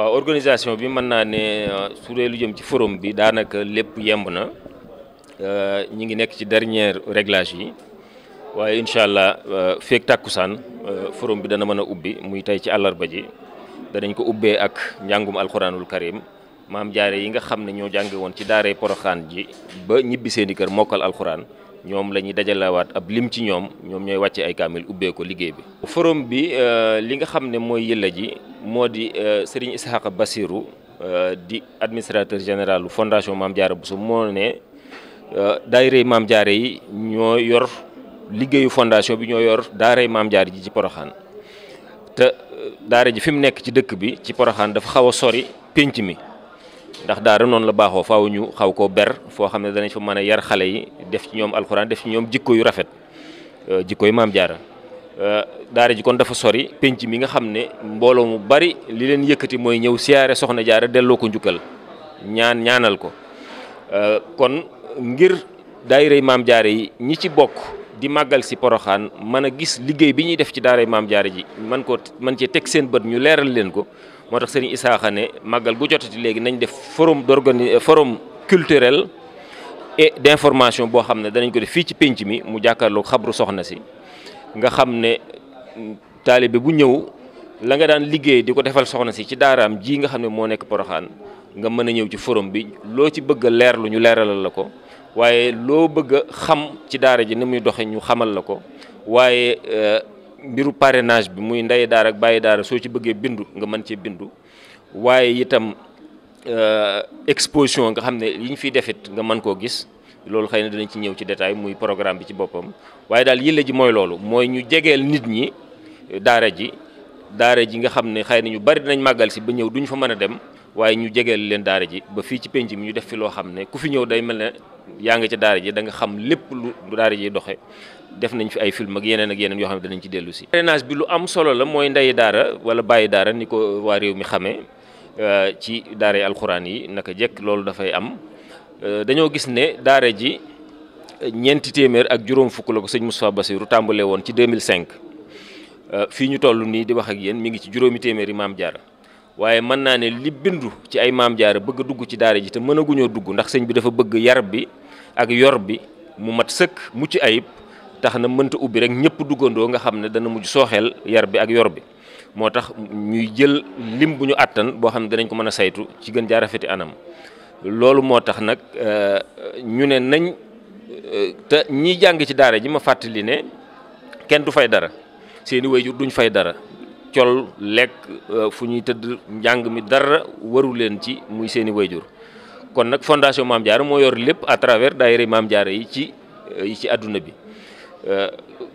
waaw organisation bi mën naa ne euh, su dee lu jëm ci forom bi daanaka lépp yemb na euh, ñi ngi nekk ci dernier réglage yi waaye incha allah euh, feeg tàkkusaan forom bi dana mën a ubbi muy tey ci àllarba ji danañ ko ubbee ak njàngum alxuraanul karim maam jaare yi nga xam ne ñoo jànge woon ci daaree poroxaan ji ba ñibbi seeni kër mokkal alxuraan ñoom la ñuy dajalawaat ab lim ci ñoom ñoom ñooy wàcce ay kaamil ubbee ko liggéey bi. forum bi li nga xam ne mooy yëlla ji. moo di euh, Serigne Ishaqa Bassirou euh, di administrateur général fondation Mame bu Bousso moo ne euh, daayirey maam Diarra yi ñoo yor liggéeyu fondation bi ñoo yor daaray maam Diarra ji ci Poroxaan te daara ji fi mu nekk ci dëkk bi ci Poroxaan dafa xaw a sori pénc mi ndax daara noonu la baaxoo faw ñu xaw koo ber foo xam ne danañ fa mën a yar xale yi def ci ñoom alxuraan def ci ñoom jikko yu rafet jikko yi maam Diarra Euh, daara ji kon dafa sori penc mi nga xam ne mbooloo mu bari li leen yëkkati mooy ñëw siyaare soxna jaara delloo ko njukkal ñaan ñaanal ko euh, kon ngir daayirey maam jaara yi ñi ci bokk di màggal si poroxaan mën a gis liggéey bi ñuy def ci yi maam jaara ji man ko man cee teg seen bët ñu leeral leen ko moo tax seen Isaaxa ne màggal gu jotati léegi nañ def forum d'organi forum culturel et d'information boo xam ne danañ ko def fii ci pénc mi mu jàkkaarloo xabru soxna si nga xam ne taalibe bu ñëw la nga daan liggéey di ko defal soxna si ci daaraam jii nga xam ne moo nekk poroxaan nga mën a ñëw ci forom bi loo ci bëgg leerlu ñu leeralal la ko waaye loo bëgg xam ci daara ji ni muy doxe ñu xamal la ko waaye euh, mbiru parenage bi muy ndey daara ak bàyyi daara soo ci bëggee bindu nga mën cee bindu waaye itam euh, exposition nga xam ne yi ñu fiy defit nga mën koo gis loolu xëy na dinañ ci ñëw ci détail muy programme bi ci boppam waaye daal yële ji mooy loolu mooy ñu jegeel nit ñi euh, daara ji daara ji nga xam ne xëy na ñu bari dinañ màggal si ba ñëw duñ fa mën a dem waaye ñu jegeel leen daara ji ba fii ci penc mi ñu def fi loo xam ne ku fi ñëw day mel na yaa ngi ca daara ji da nga xam lépp lu daara ji doxe def nañ fi ay film ak yeneen ak yeneen yoo xam ne danañ ci dellu si. parrainage bi lu am solo la mooy ndeyi daara wala bàyyi daara ni ko waa réew mi xamee euh, ci daara yi alxuraan yi naka loolu dafay am. Euh, dañu gis ne daara ji euh, ñent témèr ak juroom fukk la ko sëñ Moustapha Bassirou tambalé won ci 2005 euh, fi ñu tollu ni di wax ak yeen mi ngi ci juroomi témèr imam maam waye man na naa ne li bindu ci ay maam jaara bëgg dugg ci daara ji te mënaguñoo dugg ndax seigne bi dafa bëgg yar bi ak yor bi mu mat mu ci ayib tax na mënta ubbi rek ñepp duggando nga xam dana mujj soxel yar bi ak yor bi motax ñuy jël lim buñu ñu bo xamne xam ko mëna saytu ci gën jaarafeti anam loolu moo tax nag euh, ñu ne nañ euh, te ñi jàng ci daara ji ma fàttali ne kenn du fay dara seeni wejur duñ fay dara col lekk euh, fu ñuy tëdd njàng mi dara waru leen ci muy seeni wayjur kon nag fondation Maam Diarra moo yor lépp à travers daayira Maam Diarra yi ci yi ci àdduna bi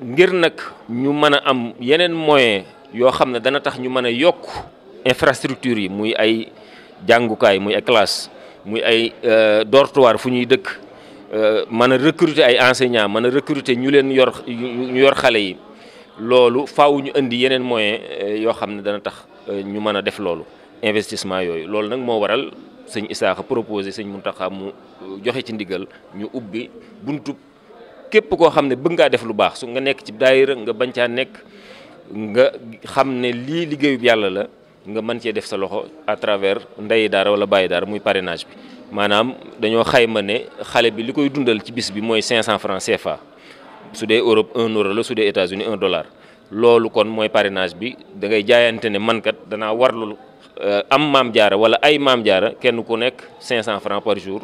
ngir nag ñu mën a am yeneen moyen yoo xam ne dana tax ñu mën a yokk infrastructure yi muy ay jàngukaay muy ay classe muy ay euh, dortoir fu ñuy dëkk euh, mën a recruter ay enseignants mën a recruter ñu leen yor ñu yor xale yi loolu faw ñu indi yeneen moyen euh, yoo xam ne dana tax ñu mën a def loolu investissement yooyu loolu nag moo waral sëñ Isaaxa proposé sëñ Muntaxa mu joxe ci ndigal ñu ubbi buntu képp koo xam ne bëgg ngaa def lu baax su nga nekk ci daayira nga bañ caa nekk nga xam ne lii liggéeyub yàlla la nga mën cee def sa loxo à travers ndeyi daara wala bàyyi daara muy parrainage bi maanaam dañoo xayma ne xale bi li koy dundal ci bis bi mooy 500 francs CFA su dee Europe 1 euro la su dee États-Unis un dollar loolu kon mooy parrainage bi da ngay jaayante ne man kat danaa warlu euh, am maam jaara wala ay maam jaara kenn ku nekk 500 francs par jour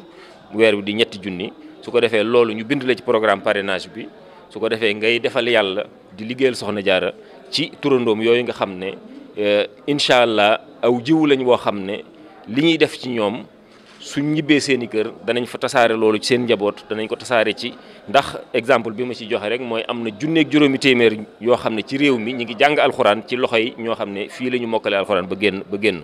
weer wi di ñetti junni su ko defee loolu ñu bind la ci programme parrainage bi su ko defee ngay defal yàlla di liggéeyal soxna jaara ci turandoom yooyu nga xam ne. Euh, incha allah aw jiwu lañ woo xam ne li ñuy def ci ñoom suñ ñibbee seen i kër danañ fa tasaare loolu ci seen njaboot danañ ko tasaare ci ndax exemple bi ma ci joxe rek mooy am na junneeg juróomi téeméer yoo xam ne ci réew mi ñu ngi jàng alxuraan ci loxo yi ñoo xam ne fii la ñu mokkale alxuraan ba génn ba génn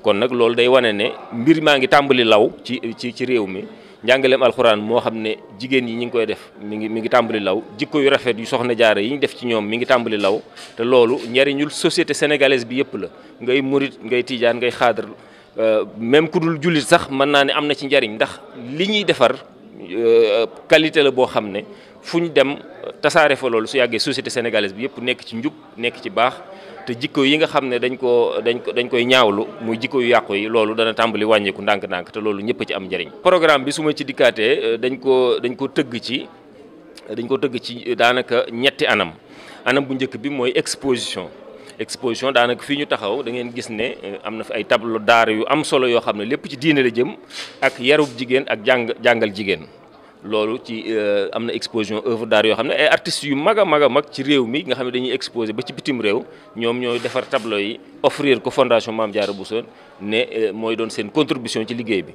kon nag loolu day wane ne mbir maa ngi tàmbali law ci ci ci réew mi njàngaleem alxuraan moo xam ne jigéen yi ñu ngi koy def mi ngi mi ngi tàmbali law jikko yu rafet yu soxna jaara yi ñu def ci ñoom mi ngi tàmbali law te loolu njariñul société sénégalaise bi yëpp la ngay murit ngay tiijaan ngay xaadar euh, même ku dul jullit sax mën naa ne am na ci njariñ ndax li ñuy defar euh, qualité la boo xam ne fu ñu dem tasaare fa loolu su yàggee société sénégalaise bi yëpp nekk ci njub nekk ci baax te jikko yi nga xam ne dañ koo dañ ko dañ koy ñaawlu muy jikko yu yàqu yi loolu dana tàmbali wàññeeku ndànk-ndànk te loolu ñëpp ci am njëriñ programme bi suma ci dikkaatee euh, dañ ko dañ ko tëgg ci dañ ko tëgg ci daanaka ñetti anam anam bu njëkk bi mooy exposition exposition daanaka fii ñu taxaw da ngeen gis ne euh, am na fi ay tableau d'art yu am solo yoo xam ne lépp ci diine la jëm ak yarub jigéen ak jàng jàngal jigéen loolu ci euh, am na exposition œuvre d'art yoo xam ne ay artistes yu mag a mag a mag ci réew mi nga xam ne dañuy exposé ba ci bitim réew ñoom ñooy defar tableau yi offrir ko fondation Mame Diarra Bousso ne euh, mooy doon seen contribution ci liggéey bi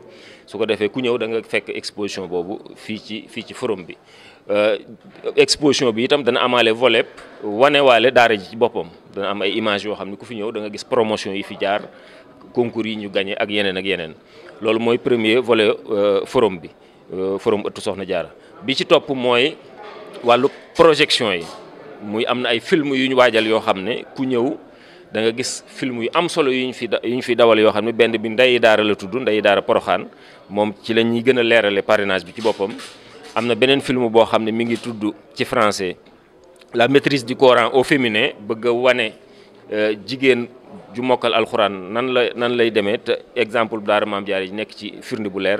su ko defee ku ñëw da nga fekk exposition boobu fii ci fii ci forum bi euh, exposition bi itam dana amaale volet wanewaale daara ji ci boppam dana am ay images yoo xam ne ku fi ñëw da nga gis promotion yi fi jaar concours yi ñu gagné ak yeneen ak yeneen loolu mooy premier volet forum bi Euh, forum ëttu soxna jaara bi ci topp mooy wàllu projection yi muy am na ay film yu ñu waajal yoo xam ne ku ñëw da nga gis film yu am solo yu ñu fi yu ñu fi dawal yoo xam ne benn bi ndeyi daara la tudd ndeyi daara poroxaan moom ci la ñuy gën a leerale parrainage bi ci boppam am na beneen film boo xam ne mi ngi tudd ci français la maîtrise di coran au féminin bëgg a wane euh, jigéen ju mokkal alxuraan nan la nan lay demee te exemple daara maam jaare ji nekk ci firnde bu leer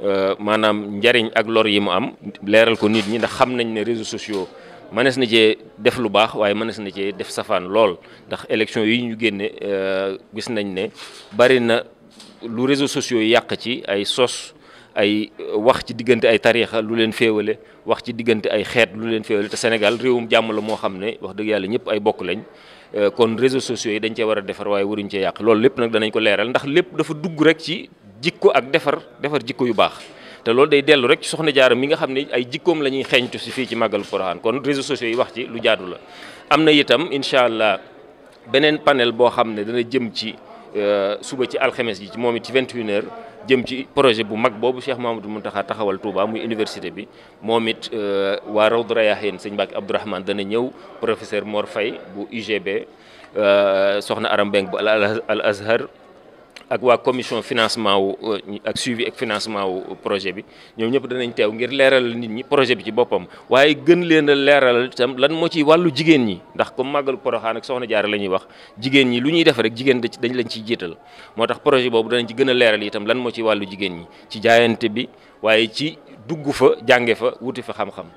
Euh, maanaam njariñ ak lor yi mu am leeral ko nit ñi ndax xam nañ ne réseaux sociaux mënees na cee def lu baax waaye mënees na cee def safaan lool ndax élection yu ñu génne euh, gis nañ ne bari na lu réseaux sociaux yi yàq ci ay sos ay euh, wax ci diggante ay tariixa lu leen féewale wax ci diggante ay xeet lu leen féewale te Sénégal réewum jàmm la moo xam ne wax dëgg yàlla ñëpp ay bokk lañ kon réseaux sociaux yi dañ cee war a defar waaye waruñ cee yàq loolu lépp nag danañ ko leeral ndax lépp jikko ak defar defar jikko yu baax te loolu day dellu rek soxna jaaram mi nga xam ne ay jikkoom la ñuy xeeñtu si fii ci màggal Porokhane kon réseaux sociaux yi wax ci lu jaadu la am na itam incha allah beneen panel boo xam ne dana jëm ci euh, suba ci alxemes ji ci moom it ci 21h jëm ci projet bu mag boobu Cheikh mun Mountakha taxawal Touba muy université bi moom it euh, waa Rawdu Rayaahiin sëñ Mbacke Abdourahmane dana ñëw professeur Mor Faye bu UGB euh, soxna Aram Mbeng bu al ak waa commission financement wu euh, ak suivi ak financement projet bi ñoom ñëpp danañ teew ngir leeral nit ñi projet bi ci boppam waaye gën leen leeralal tam lan moo ci wàllu jigéen ñi ndax comme màggalu Poroxaan ak Soxna Jaara la ñuy wax jigéen ñi lu ñuy def rek jigéen dañ leen ciy jiital moo tax projet boobu danañ ci gën a leeral tam lan moo ci wàllu jigéen ñi ci jaayante bi waaye ci dugg fa jànge fa wuti fa xam-xam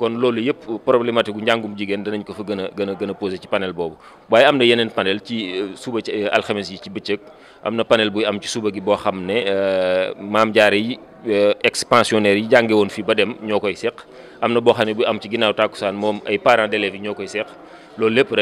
kon loolu yëpp problématique gu njàngum jigéen danañ ko fa gën a gën a gën posé ci panel boobu waaye am na yeneen panel ci euh, suba ci euh, alxames yi ci bëccëg am na panel buy am ci suba gi boo xam ne euh, maam jaare yi ex-pensionnaires yi jànge woon fii ba dem ñoo koy seq am na boo xam ne bu am ci ginnaaw tàkkusaan moom ay parents d'élèves yi ñoo koy seq loolu lépp rek